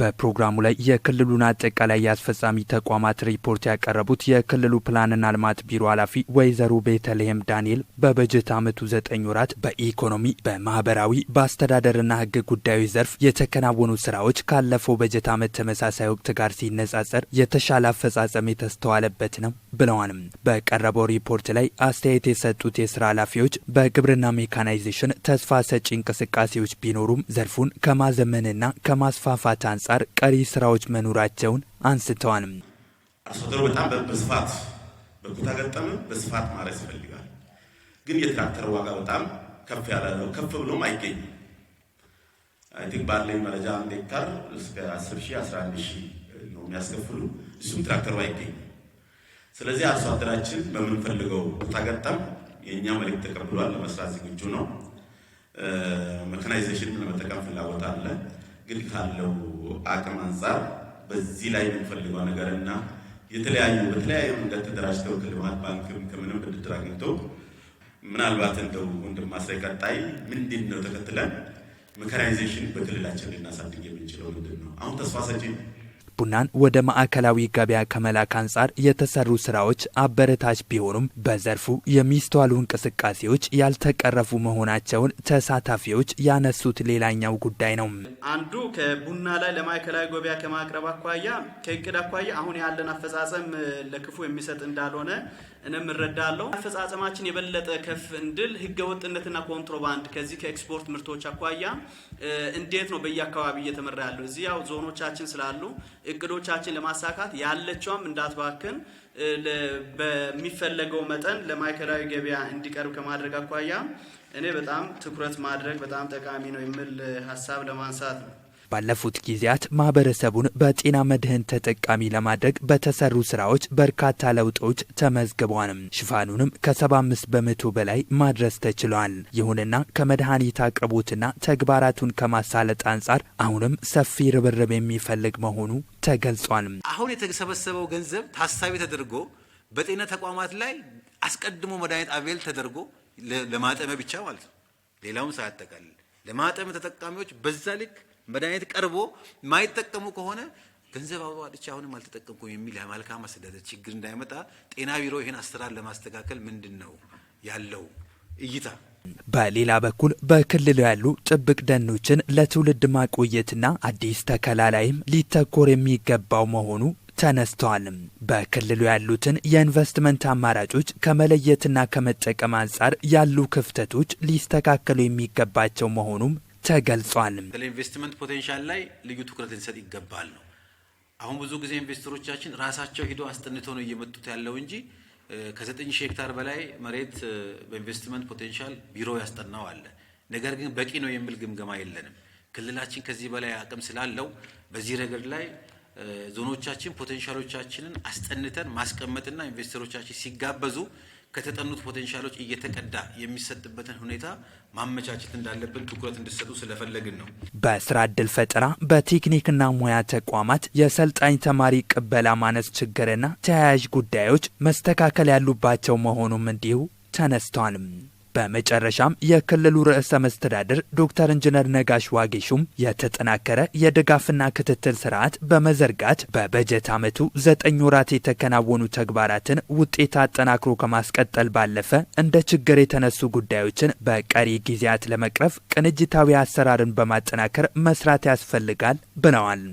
በፕሮግራሙ ላይ የክልሉን አጠቃላይ የአስፈጻሚ ተቋማት ሪፖርት ያቀረቡት የክልሉ ፕላንና ልማት ቢሮ ኃላፊ ወይዘሮ ቤተልሔም ዳንኤል በበጀት ዓመቱ ዘጠኝ ወራት በኢኮኖሚ በማህበራዊ በአስተዳደርና ሕግ ጉዳዮች ዘርፍ የተከናወኑ ስራዎች ካለፈው በጀት ዓመት ተመሳሳይ ወቅት ጋር ሲነጻጸር የተሻለ አፈጻጸም የተስተዋለበት ነው ብለዋልም። በቀረበው ሪፖርት ላይ አስተያየት የሰጡት የስራ ኃላፊዎች በግብርና ሜካናይዜሽን ተስፋ ሰጪ እንቅስቃሴዎች ቢኖሩም ዘርፉን ከማዘመንና ከማስፋፋት አንጻ አንጻር ቀሪ ስራዎች መኖራቸውን አንስተዋል። አርሶ በጣም በስፋት በኩታ ገጠም በስፋት ማረስ ይፈልጋል። ግን የትራክተር ዋጋ በጣም ከፍ ያለ ነው። ከፍ ብሎም አይገኝም። አይ ቲንክ ባለኝ መረጃ አንድ ሄክታር እስከ 10 ሺህ 11 ሺህ ነው የሚያስከፍሉ እሱም ትራክተሩ አይገኝም። ስለዚህ አርሶ አደራችን በምንፈልገው ኩታ ገጠም የእኛ መልእክት ተቀብሏል። ለመስራት ዝግጁ ነው። መካናይዜሽን ለመጠቀም ፍላጎት አለ። ግን ካለው አቅም አንጻር በዚህ ላይ የምንፈልገው ነገር እና የተለያዩ በተለያዩ መንገድ ተደራጅተው ከልማት ባንክም ከምንም ብድር አግኝቶ ምናልባት እንደው ወንድም ወንድማሳይ ቀጣይ ምንድን ነው ተከትለን መካናይዜሽን በክልላችን ልናሳድግ የምንችለው ምንድን ነው? አሁን ተስፋ ሰጪ ቡናን ወደ ማዕከላዊ ገበያ ከመላክ አንጻር የተሰሩ ስራዎች አበረታች ቢሆኑም በዘርፉ የሚስተዋሉ እንቅስቃሴዎች ያልተቀረፉ መሆናቸውን ተሳታፊዎች ያነሱት ሌላኛው ጉዳይ ነው። አንዱ ከቡና ላይ ለማዕከላዊ ገበያ ከማቅረብ አኳያ ከእቅድ አኳያ አሁን ያለን አፈጻጸም ለክፉ የሚሰጥ እንዳልሆነ እንደምረዳለው አፈጻጸማችን የበለጠ ከፍ እንድል ህገወጥነትና ኮንትሮባንድ ከዚህ ከኤክስፖርት ምርቶች አኳያ እንዴት ነው በየአካባቢ እየተመራ ያለው? እዚህ ያው ዞኖቻችን ስላሉ እቅዶቻችን ለማሳካት ያለችዋም እንዳትባክን በሚፈለገው መጠን ለማዕከላዊ ገበያ እንዲቀርብ ከማድረግ አኳያ እኔ በጣም ትኩረት ማድረግ በጣም ጠቃሚ ነው የሚል ሀሳብ ለማንሳት ነው። ባለፉት ጊዜያት ማህበረሰቡን በጤና መድህን ተጠቃሚ ለማድረግ በተሰሩ ስራዎች በርካታ ለውጦች ተመዝግቧንም ሽፋኑንም ከ75 በመቶ በላይ ማድረስ ተችሏል። ይሁንና ከመድኃኒት አቅርቦትና ተግባራቱን ከማሳለጥ አንጻር አሁንም ሰፊ ርብርብ የሚፈልግ መሆኑ ተገልጿል። አሁን የተሰበሰበው ገንዘብ ታሳቢ ተደርጎ በጤና ተቋማት ላይ አስቀድሞ መድኃኒት አቬል ተደርጎ ለማጠመ ብቻ ማለት ነው። ሌላውን ሳያጠቃልል ለማጠመ ተጠቃሚዎች በዛ ልክ መድኃኒት ቀርቦ የማይጠቀሙ ከሆነ ገንዘብ አዋጥቼ አሁንም አልተጠቀምኩም የሚል መልካም አስተዳደር ችግር እንዳይመጣ ጤና ቢሮ ይህን አሰራር ለማስተካከል ምንድን ነው ያለው እይታ? በሌላ በኩል በክልሉ ያሉ ጥብቅ ደኖችን ለትውልድ ማቆየትና አዲስ ተከላ ላይም ሊተኮር የሚገባው መሆኑ ተነስተዋልም። በክልሉ ያሉትን የኢንቨስትመንት አማራጮች ከመለየትና ከመጠቀም አንጻር ያሉ ክፍተቶች ሊስተካከሉ የሚገባቸው መሆኑም ተገልጿል። ስለ ኢንቨስትመንት ፖቴንሻል ላይ ልዩ ትኩረት ልንሰጥ ይገባል ነው። አሁን ብዙ ጊዜ ኢንቨስተሮቻችን ራሳቸው ሂዶ አስጠንቶ ነው እየመጡት ያለው እንጂ ከዘጠኝ ሺህ ሄክታር በላይ መሬት በኢንቨስትመንት ፖቴንሻል ቢሮ ያስጠናው አለ። ነገር ግን በቂ ነው የሚል ግምገማ የለንም። ክልላችን ከዚህ በላይ አቅም ስላለው በዚህ ረገድ ላይ ዞኖቻችን ፖቴንሻሎቻችንን አስጠንተን ማስቀመጥና ኢንቨስተሮቻችን ሲጋበዙ ከተጠኑት ፖቴንሻሎች እየተቀዳ የሚሰጥበትን ሁኔታ ማመቻቸት እንዳለብን ትኩረት እንዲሰጡ ስለፈለግን ነው። በስራ እድል ፈጠራ በቴክኒክና ሙያ ተቋማት የሰልጣኝ ተማሪ ቅበላ ማነስ ችግርና ተያያዥ ጉዳዮች መስተካከል ያሉባቸው መሆኑም እንዲሁ ተነስቷልም። በመጨረሻም የክልሉ ርዕሰ መስተዳድር ዶክተር ኢንጂነር ነጋሽ ዋጌሹም የተጠናከረ የድጋፍና ክትትል ስርዓት በመዘርጋት በበጀት ዓመቱ ዘጠኝ ወራት የተከናወኑ ተግባራትን ውጤት አጠናክሮ ከማስቀጠል ባለፈ እንደ ችግር የተነሱ ጉዳዮችን በቀሪ ጊዜያት ለመቅረፍ ቅንጅታዊ አሰራርን በማጠናከር መስራት ያስፈልጋል ብለዋል።